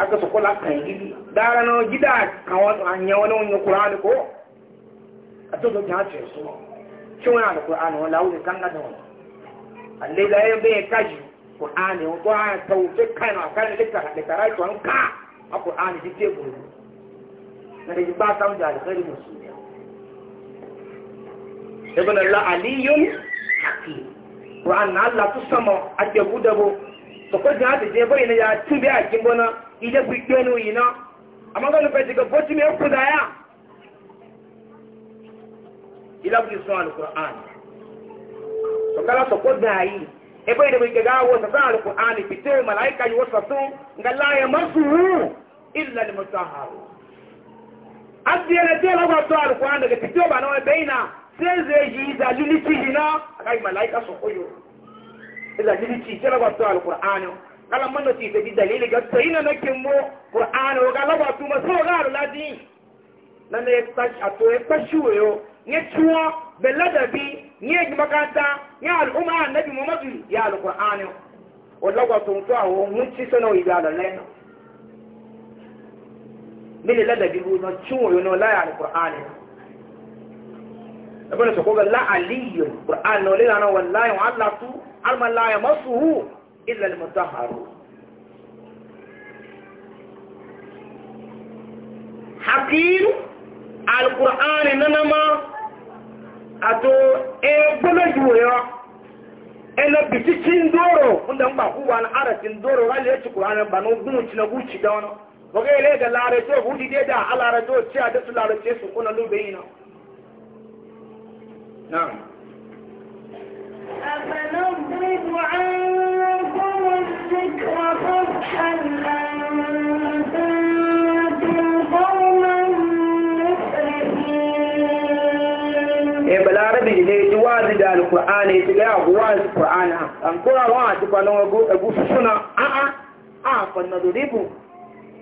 aka soko la kan igidi dara no gida kan wato an yawa no nyo ko a to do ta ce so shi wannan da kan ga da alle da yin bai kaji qur'ani on to an tawfi kana kana lika da karai to an ka a qur'ani ji ke buru na da ba ta da alkhairi musulmi ibn allah aliyun hakim qur'an na allah to sama a ke budabo to ko da je bai na ya tun bai a kin bona ile bi kenu ina amma ga lufa diga boti me ku da ya ila bi sun alqur'ani tokala soko dayi ebe da bai ga wa sa alqur'ani fite malaika yi wasa su ya masu illa al mutahhar adiya na je lawa to alqur'ani ke pite ba na baina sai zai yi zalili tijina akai malaika soko yo illa liliti je lawa to alqur'ani kala mando ti te dalili ga sayina na qur'an qur'ani kala wa tu maso ga ladi nan ne ta to ta shuwe yo ne tuwa belada bi nye ji makaranta ya al'umma annabi muhammadu ya alqur'ani wallahi tun to awo mun ci sono ida da leno mini bi bu no chuwo yo no la ya alqur'ani abana so ko ga la aliyu qur'an no le na wallahi ya allah tu alma la yamassuhu illa almutahharun hakiru alqur'ani nanama àtò ẹgbẹ́mẹ́jùwòyọ́ ẹnà bìtìtì ń dóró ń dàn kúwà ní àrẹ̀tì ń dóró wà lè ti kùránà bànú gúnmù tí na gú ci dáwọn bọ́gẹ́ ilé ga láàrẹ̀ tó hù dídé dà alára tó tí a dẹ́tù láàrẹ̀ tí sùn kúnà lóbe yìí náà. أفنضرب عنكم الذكر mai balarabi ne ji wazi da alkur'ani ti ga wazi qurani an kura wa ti suna a a a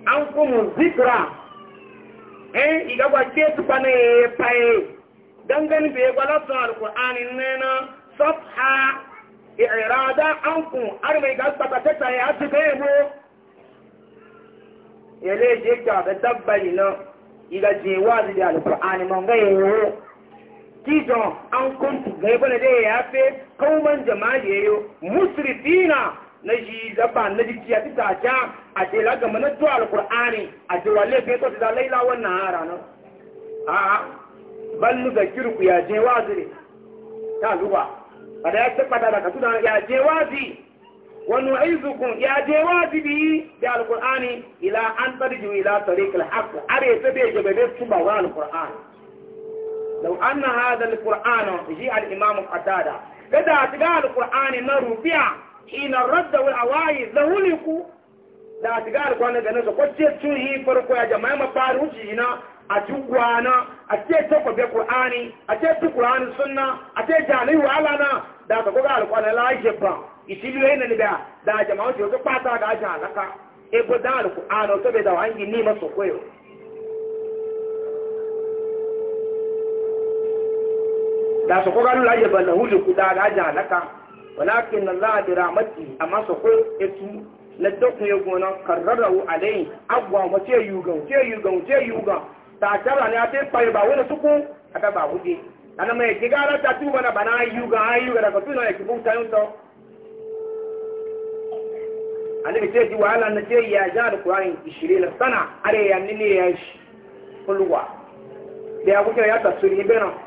an kuma zikra eh iga ba ce ti kwanan ya faye dangane bai gwalata alkur'ani ne na safha irada an kun mai ga tabbatata ya ya ka da na iga je wazi da alkur'ani ga kijon an kuntu ga yaba na dai ya fe kauman jama'a yayo musrifina na shi zaba na jiki a ta ta a ce la ga mana to alqur'ani a ce walle fe to da laila wannan hara no a bal nu kirku ya je wazi ne ta zuwa da ya tabbata da kasu da ya je wazi wani wa nu'izukum ya je wazi bi da alqur'ani ila an tarju ila tariqil haqq are ta be je be tuba wa alqur'ani لو أن هذا القرآن جاء الإمام قتادة قد أتقى القرآن نربيع حين الرد والعوائد لهلكوا da a tiga alkwana ganin su kwace yi farko ya jama'a mafari wuce na a ci gwana a ce ta kwabe ƙur'ani a ce ta ƙur'ani a ce jalai wahala na da ta kwaga alkwana lashe ba isi biyu yana libya da jama'a wuce wata kwata ga ajin alaka ebo dan alkwana wata bai da wa'angi ni masu koyo da su koga lula ya bala hulu kuda da aji halaka walakin na za a bi ramati amma su ko etu na dokun ya gona karrarawo alayi agwa ma ce yugan ce yugan ce yugan ta tara ne a te paye ba wani suku a ta ba wuce ana mai kigara ta tuba na bana yugan an yugan daga tuna ya kibu ta yin to annabi ce ji wahala na ce ya ja da 20 sana are ya nile ya shi kulwa da ya kuke ya tasiri bena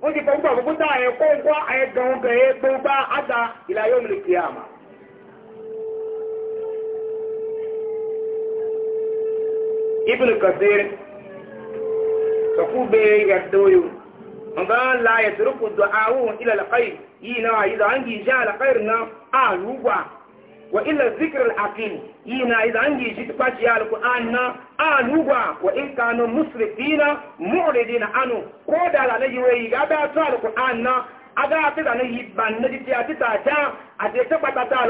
wọ́n ti fọ́n gbàgbọ́ kúta àyẹ̀ kó gbọ́ àyẹ̀ gbọ̀ngàn yẹ gbọ̀ngbà àdá ìlàyé omi lè kíyà mà. ibùdó kàdéré sọ̀kú bẹ́ẹ̀ yàtọ̀ yìí nga la yẹtùrú kùdù àwọn ilẹ̀ làkàyè yìí náà yìí dàn án kì í ṣe àlàkàyè náà àlùgbà. wa illa zikr al-aqil yina idan yi shi kwaci ya na anuwa wa in kanu musrifina mu'ridina anu ko da la laji wai ga da ta alquran na aga ta da yi ban na ji ya ta ta a je ta bata ta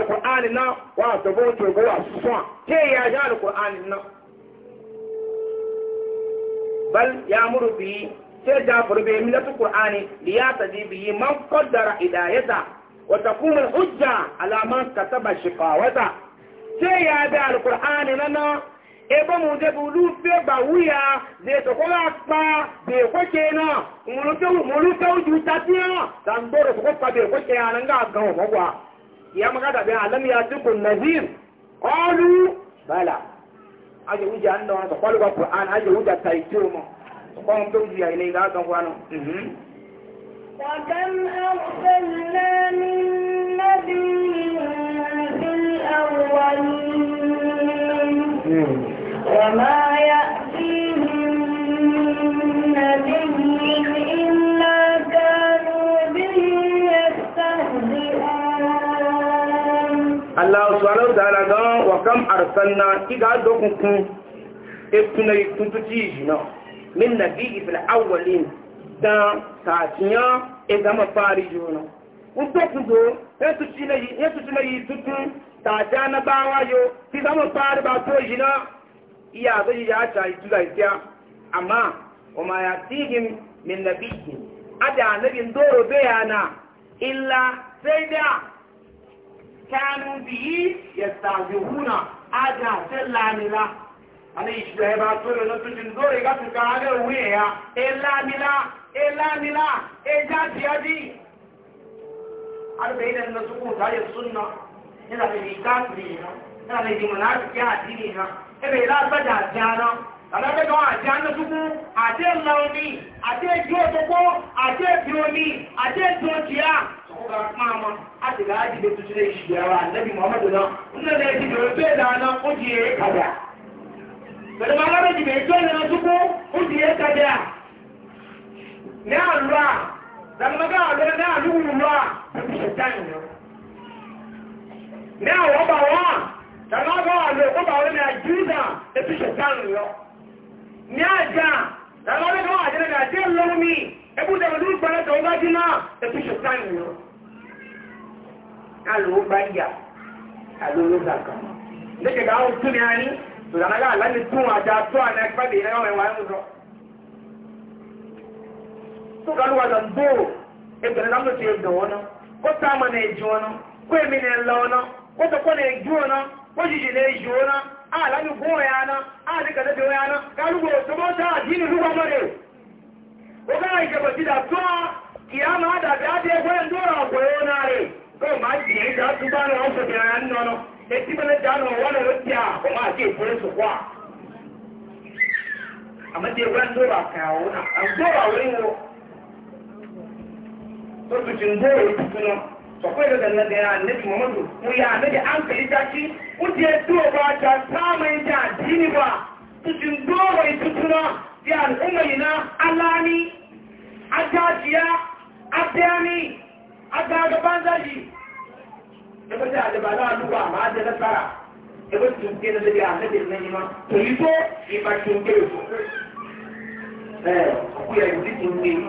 na wa to bo to go so ke ya ja alquran na bal ya murbi sai da furbe milatu qur'ani liyata tadibi man qaddara idayata وتقوم hujja على من كتب شقاوته ya da alkur'ani nana ebe mu je fe ba wuya ze to ko la pa be ko ke na mu to mu lu ju ta ti na dan do na nga ga mo wa ya ma ga da be alam ya nazir qalu bala aje wuja ko وكم أرسلنا من نبي في الأولين وما يأتيهم نبي إلا كانوا به الله سبحانه وتعالى قال وكم أرسلنا ابتنا نعم، من نبي في الأولين دان tààtìyàn ìdámọ̀ fàárí yóò ń tó kù tó yẹ́tù sílẹ̀ yìí tuntun tààtìyàn na bá wáyó tí ìdámọ̀ fàárí bá tó yìí náà iya àtọ́ yìí yà ṣà ìtura ìfẹ́ àmà ọmọ àyà tíhìm mìnàbí yìí adà ànábì ń dóró bẹ́yà náà ìlà sẹ́dá kánú bí yìí yẹ̀sà yòókùnà adà sẹ́lá nílá àná ìṣẹ̀lẹ̀ bá tó lọ́nà tuntun dóró ìgbà tuntun àárẹ̀ òwe ẹ̀yà elamila eja tiyadi arba'in na suku ta yi sunna yana da ikafiri na yana da jimunatiki a dini na ebe ila ta da jana tàbí ẹgbẹ́ wọn àti anásúkú àti ẹ̀là omi àti ẹ̀jú ọ̀tọ́kọ́ àti ẹ̀bí omi àti ẹ̀tù ọ̀tíyà ọ̀gá máa mọ́ àti láàájì lè tuntun èṣù ẹ̀rọ àlẹ́bí muhammadu náà nínú ẹ̀lẹ́ ti bẹ̀rẹ̀ tó ẹ̀dà náà ó di èé kàdà pẹ̀lú alábẹ́jì bẹ̀rẹ̀ tó ẹ̀lẹ́ ní àlọ́ à dàgbàgbà àlọ́ ní àlúwù lọ́ à àti ṣẹ̀dá ìyàn ní àwọn ọba wọn à dàgbàgbà àlọ́ ọba wọn ní àjíríjà àti ṣẹ̀dá ìyàn ní àjà dàgbàgbà àjẹrẹ àjẹ lọ́wọ́ mi ẹkún dàgbàgbà ìgbàlẹ̀ tó ń bá dín náà àti ṣẹ̀dá ìyàn àlọ́ ó gbá ìyà àlọ́ ló dàgbà lẹ́kẹ̀ẹ́ àwọn tún ní a ní tòdàgbà àlọ́ ní tún àjà tó àná ẹgbẹ́ to ga luwa zan bo e ga nan ce ga wona ko ta ma ne ji wona ko mi ne la wona ko ta ko ne ji wona ko ji ji ne ji wona a la ni bo ya na a ni ka da bo ya na ga luwa to mo ta ji ni luwa mo re o ga ai ga ba ti da to kiyama da ga de ko en dora ko na re ko ma ji ne da tu ba na o so ya nan no eti bana da no wala ro tiya ko ma ke ko so kwa amma dai ran dora kawo na an dora wurin wo lokacin goro tukuna sakwai da zanna da yana annabi muhammadu ya annabi an ka ita ci kuje tuwa ba ta samun ta addini ba tukun goro tukuna yana alani ajajiya abdani agagaban zaji da ba a duba ma nasara na zabi annabi nan yi ma to yi to eh, yi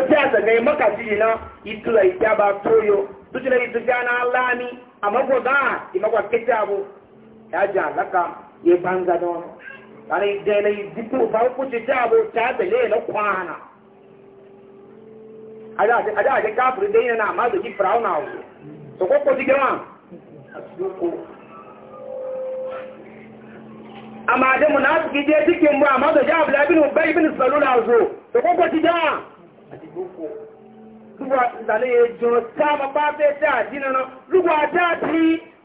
àti àtẹ̀gẹ́ mọ́kàtí náà ìtura na tóyó dúkìlẹ̀ ìtura náà láàmì àmọ́gbọ̀ ya na kéjì àbò yájà àlákà yé gbáǹgà náà lára ya ìdíkù báwọ́kú ti jẹ́ àbò na ẹ̀ lọ́kọ̀ àná ajá àti káàpùrù na yẹn náà má dòjì fìràwọ̀ ti àti gbogbo lúgbà ìsàlẹ̀ èjò táàmà bá fẹ́ tẹ́ àdínà náà lúgbà a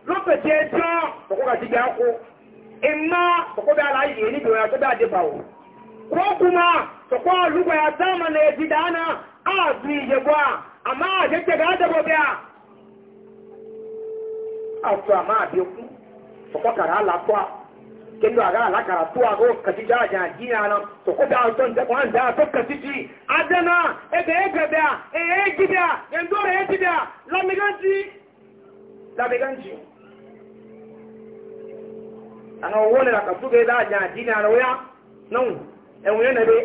lọ́pẹ̀tẹ̀ ẹjọ́ bọ̀kọ́gà ti gbà kó ìmá bọ̀kọ́gà aláyè níbi òyà tó bá dé bàwò kó kuma sọ̀kọ́ lúgbà ya táàmà na ẹjì dáná a ìyẹ̀gbọ́ kendo aga ala karatu ago kati ja ja jina na to ko da to nda kwan da to kati ji adana e be e be e e gida kendo re e gida la miganti la miganti ana wona la kafu ge da ja jina na waya non e wona na be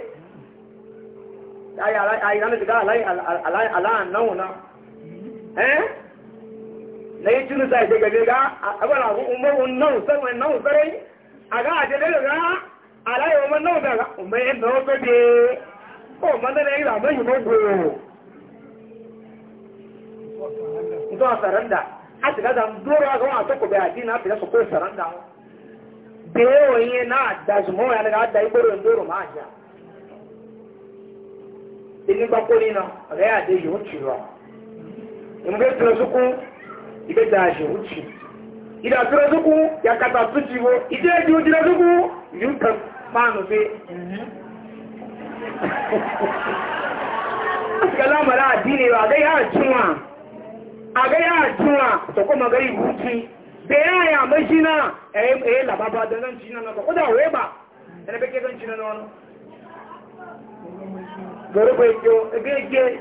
ai ala ai na diga ala ala ala non na eh na yi tunu sai daga daga abala umma wannan sai wannan sai aga àjẹ́lẹ́lẹ̀ rá aláyẹ̀ ọmọ náà dára ọmọ ẹ̀nà ọgbẹ́ bí ó na náà ẹ̀rọ àmọ́yìn mọ́ gbòòrò ǹtọ́ àsàrẹ́ndà a ti na ń dúró àwọn àtọ́kọ̀bẹ̀ àti náà fi lẹ́sọ̀kọ́ na wọn bèé òye náà dàzùmọ́ ẹ̀ nígbà dá igbóró ìdóró máa jà ìní gbapò nínú ida tura zuku ya kata su ciwo ije ya jiwo jira zuku yin ka fanu fe ga lamara addini ba ga ya cinwa a ga ya cinwa to kuma gari buki da ya ya mashi na eh e, lababa da da we ba ene beke kan cinna na wono garo ko ekyo ege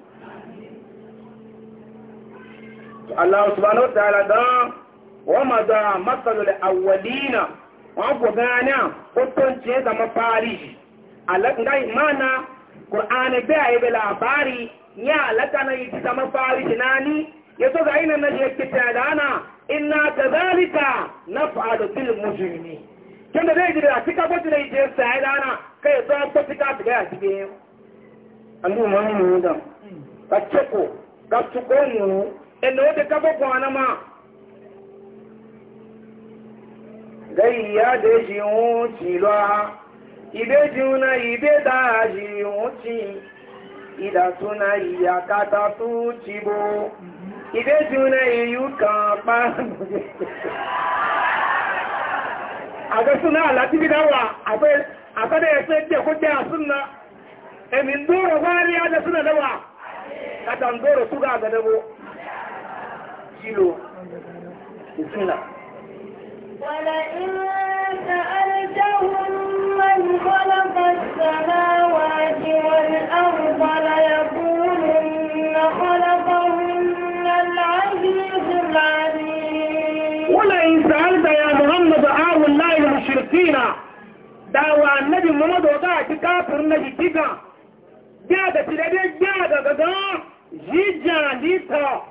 Allah subhanahu wa ta'ala da wa madha masalul awwalina wa ko gana ko ton ce da mafari Allah ngai mana Qur'ani bai ayi da labari ya alaƙa na yi fari mafari nani yato ga ina na shi je kita dana inna na naf'alu bil musulmi. kin da dai da kika ko tunai je sai dana kai to ko tika tika ya tige an mu mun da ka ce ka tuko mu ẹ̀nà ó ti kápọ̀ kan àná máa gẹ́yì ìyáde ṣì ń tì lọ a ìbejì ń na ìbẹ́ta ṣì ń tì ìdàtún na ìyàkátà tó ti bò ìbejì ń na ìyú kan pa àgbẹ̀sùn náà láti bí dáwà àgbẹ̀dẹ̀ ẹ̀fẹ́ jẹ́ kó jẹ́ àsùn náà ẹ̀mí ń dóòrò wárí àjẹsùn náà dáwà kàtà ń dóòrò túgà àgbẹ̀dẹ̀wò كيلو وكنا ولئن سألتهم من خلق السماوات والأرض ليقولن خلقهن العزيز العليم ولئن سألت يا محمد آه الله المشركين دعوة النبي محمد وقعت كافر النبي كذا جادة لدي جادة جادة جيجا ليتا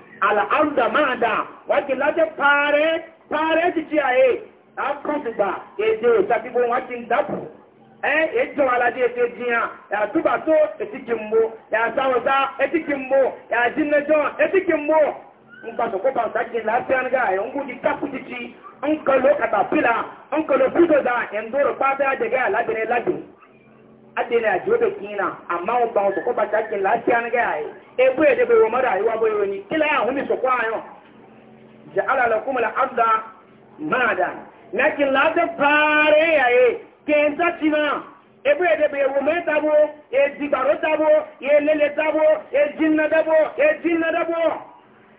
al'arda ma'ada wake lati fare fare ti ciyaye a kusurba ede otafibo wakin dapu eh ejo alaje ya tuba to etikin mo ya sawasa etikin mo ya jinnajo etikin mo di katapila adena ya jobe kina amma o ba so ko ba take lafiya na ga ai e bo eh, e de bo mara ai wa bo yoni kila ya humi so kwa yo ja'ala lakum al-arda mada lakin la ta pare ya e ke nta tima e bo e de bo me tabo e di baro tabo e lele tabo e jinna tabo e jinna tabo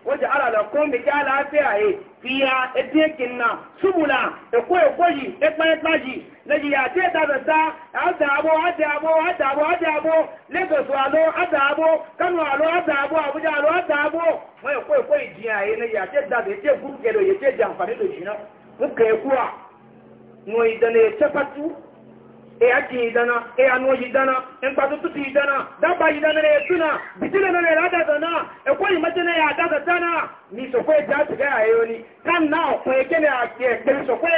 wajen ala da ko mi ja lafiya ye fiya etiye kinna subula eko eko yi ekpa yi leji ya te ta da sa ata abo ata abo ata abo ata abo lagos alo ata abo kanu alo ata abo abuja alo ata abo ma eko eko yi ayi na te da eya jin idana eya nuwa idana nkpato tutu idana daba idana na etuna bitile na ya adaza na ekwo imete na ya adaza tana ni sokwe ja tiga ya yoni kan na okun eke na ake ekpe sokwe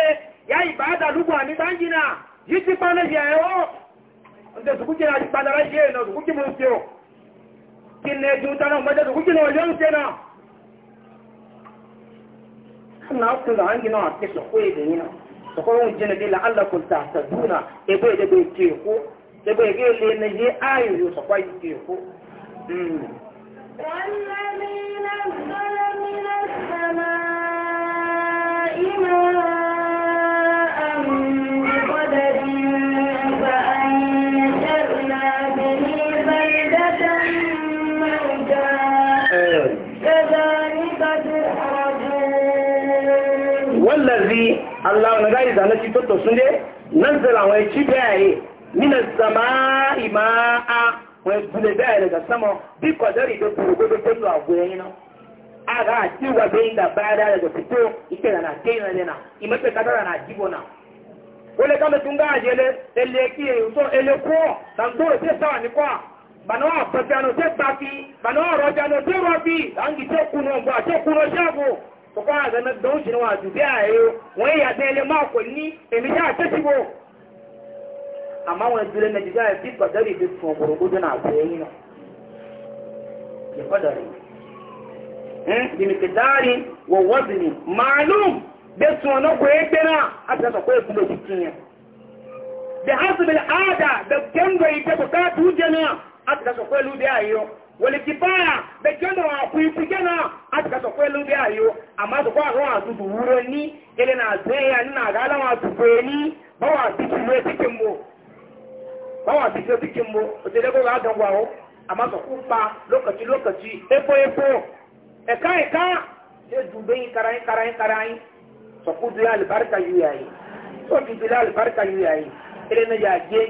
ya ibada lugu ani banji na yi ti pa na ya ewo nde sukuki na ti padara ye na sukuki mu fi o ki ne ju tana mo je sukuki na ojo nse na kan na okun da angi na ake sokwe de ni na sokoro jina bi la'allakum tahtaduna ebe da bai ke ko da bai ga le na je ayu yo sokwai ke ko mm والذي نزل من السماء ماء Allah na gari da na ci toto sun dai nan zala wai ci bayaye mina sama ima'a wai bule bayaye daga sama bi kwadari da burugo da kullu a goyen yana a ga ci wa bayin da baya daga fito ike da na kai na lena imata kadara na jibo na wale kama tunga ajele ele kie uso ele ko tantoro te sawa ni kwa bana wa pajano te baki bana wa rojano te robi angi te kuno mwa te kuno shago kọ̀kọ́ àgbẹ̀mẹ́ dán ṣe wọn àdùbí ààrẹ wọ́n yíya tẹ́ ilé máa kò ní èmi jẹ́ àtẹ́síwò àmáwọn ìdílé nàìjíríà àti pàtẹ́rì ìdí fún ọgbọ̀rọ̀gbọ́dọ̀ náà àti ẹ̀yìn náà ìfọ́dọ̀ rẹ̀ màálùm bẹ́ tún ọ̀nà kò é gbé náà àti ẹ̀sọ̀ kó èkúlò ti kí yẹn bẹ̀ hásìbìlì áàdà bẹ̀ kẹ́ńgọ̀ ìjẹ́ bùkátù jẹ́ náà àti ẹ̀sọ̀ kó èlú bí ààyè walikibaya bekendo wa kuipigana hata kasokwe lubi ayo amazo kwa roa tubuhuro ni ele na zeya nina gala wa tupeni bawa tikiwe tikimbo bawa tikiwe tikimbo oteleko ga adongwa ho amazo kupa lokaci lokaci epo epo eka eka se dubei karai karai karai so kudu albarka yuyai so ya je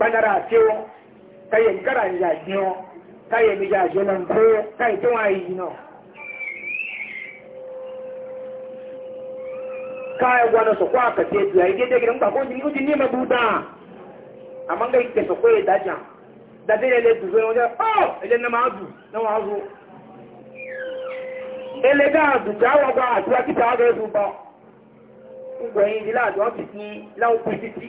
kpanara ati wo kaye nkara ni yadi wo kaye mi yadi wo nanko wo kaye tí wọn ayi nọ. kaye wọn sọ kó akasi edu ayi dédé gidi nkpa kó o ti ní ma bu dàn àmọ́ nga ike sọ kó yẹ dájà dàdé yẹ lé dùn fún wọn jẹ ọ ẹjẹ nà máa dùn nà wọn azù. eléga àdùnkà wọn kọ àdúrà kíta wọn kọ ẹsùn bọ. ń gbọ̀nyìn ìdílé àdùn ọ́fíìsì láwùjọ títí.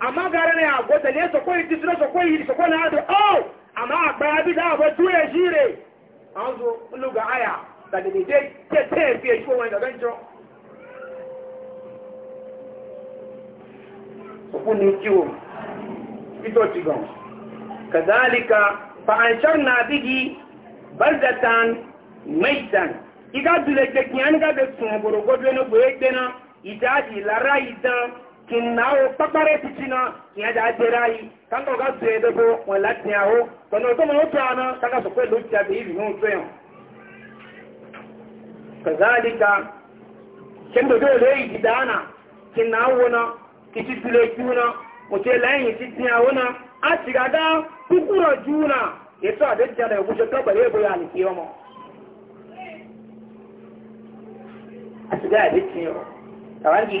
amma gara ne a gwata ne sakwai tisira sakwai hiri sakwai na hadu oh amma a kpaya bi da abuwa tuye shi re an zo luga aya da da ne dai ke tsaye fiye shi wani daga jo ku ni kiwo ito cigon kazalika fa an sharna bigi baldatan maitan iga dule kekiyan ga da sun lara kin nawo kpakpare titina kiya da jera ayi kan ka ga zuye da bo mọ tó àná kaka sọ pé lóòtì àti ìlú tó yàn. na kiti tule juna mo ce lẹyìn titi na a tiga da kukuro juna ètò àdéjà da tó ìbòyà ọmọ. a àdéjì yọ àwọn kì í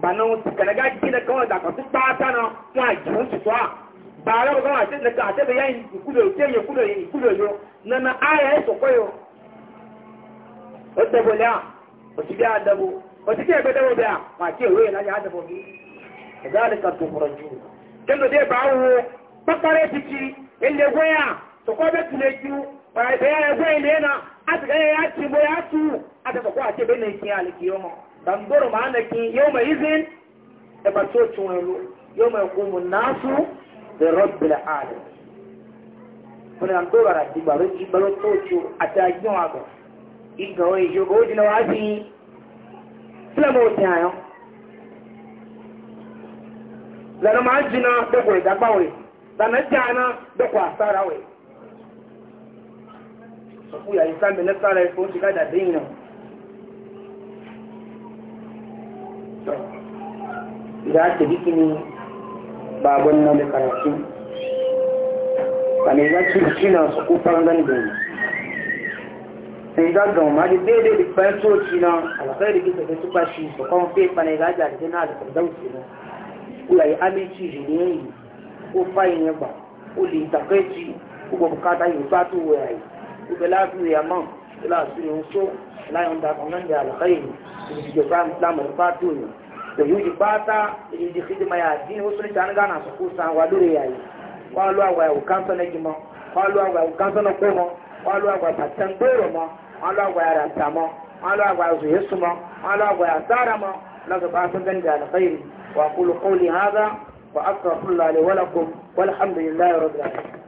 banan kanaga gina kawai da kwasu bata na wa jiwon su tuwa ba ra ga ta da ta da yayin kudo ce ya kudo ya yo na na aya ya sokoyo wata bola wata biya dabo biya ma ke waye na ya dabo bi kadalika ti ele goya ba ya ya goya na atiga ya ti tu ki tamboro maana ki yawma izin e ba to tunelo yawma yaqumu nasu bi rabbil alamin kuna ndoro ra ti baro ji baro to chu ata gyon ago igo e jogo dina wasi flamo tayo lana majina de ko da bawe lana jana de ko asara we so ku ya isa me na sara e ko ti ga da dina za ta bi kini babon nan da karatu kane za ki shi na su kufar gani da yi sai za ga umaru daidai da bayan soci na alkhairi bisa da su bashi su kan fe kane za ga da na da kardauci na kula yi aminci shi ne yi ko fayin ya ba ko da takaici ko bukata yi fatu yayi ko da lafiya man ila su yin so láyọ̀n da kan nan da alkhairi da jike sa islam da fatu ne da yuji fata da yuji hidima ya dini wasu ne tani gana su ko san wa dure yayi kwalu agwa ya kansa na gima kwalu agwa ya kansa na koma kwalu agwa ya patan doro ma kwalu agwa ya ranta ma kwalu agwa ya zuye su ma kwalu agwa ya tsara ma na gaba sun gani da alkhairi wa kulu qawli hadha wa astaghfirullah li